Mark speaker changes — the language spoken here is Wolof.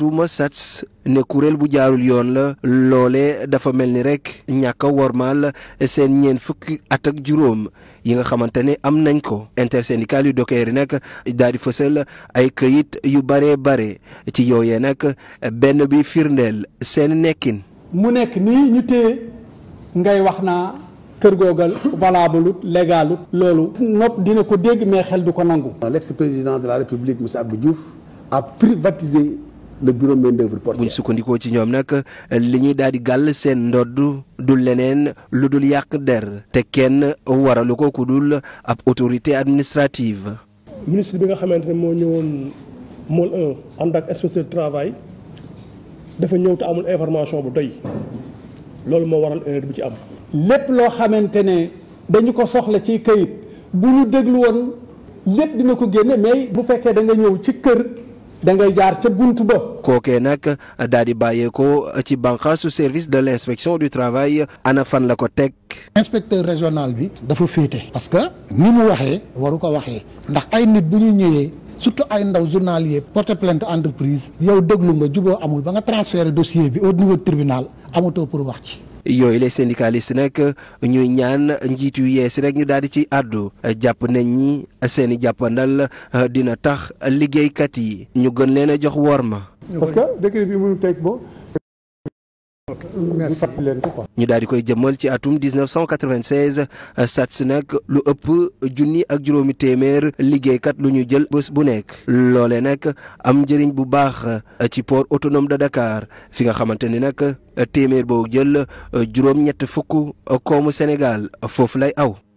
Speaker 1: tuuma sats ne kuréel bu jaarul yoon la loole dafa mel ni rek ñàkk a wormaal seen ñeent fukki at ak juróom yi nga xamante ne am nañ ko intersyndical yu dokeer yi nag daal di fësal ay këyit yu baree bare ci yooyee nag benn bi firndeel seen nekkin mu nekk nii ñu téye
Speaker 2: ngay wax naa kër googal valable légalut loolu nopp dina ko dégg
Speaker 1: mais xel du ko nangu l'ex-président de la République monsieur Abdou Diouf a privatisé le bureau main d'œuvre portuaire. buñ sukkandikoo ci ñoom nag li ñuy daal di gàll seen ndodd du leneen lu dul yàq der te kenn waralu ko ku dul ab autorité administrative.
Speaker 2: ministre bi nga xamante ne moo ñëwoon mool 1 ànd ak inspecteur de travail dafa ñëw amul information bu doy loolu moo waral erreur bu ci am. lépp loo xamante ne dañu ko soxla ci kayit bu ñu déglu woon
Speaker 1: lépp dina ko génne mais bu fekkee da nga ñëw ci kër. da ngay jaar ca bunt ba. kookee nag daal di bàyyeekoo ci bànqaasu service de l' inspection du travail ana fan la ko teg.
Speaker 3: inspecteur régional bi dafa féete. parce que ni mu waxee waru ko waxee ndax ay nit bu ñu ñëwee. surtout ay ndaw journalier porté plainte entreprise yow déglu nga juboo amul ba nga transféré dossier bi au niveau tribinal amatoo pour wax ci
Speaker 1: yooyu les syndicalistes nag ñuy ñaan njiit yu yees rek ñu daal di ci àddu jàpp nañ ñi seen i jàppandal euh, dina tax liggéeykat yi ñu gën leen a jox worma. parce
Speaker 3: que décret bi mënu teg bo sappi leen
Speaker 1: ñu daal di koy jëmmal ci atum 1996 euh, si nag lu ëpp junni ak juróomi téeméer liggéeykat lu ñu jël bés bu nekk. loolee nag am njëriñ bu baax euh, ci port autonome de Dakar fi nga xamante ni nag euh, téeméer boo jël juróom-ñett fukk koomu Sénégal foofu lay aw.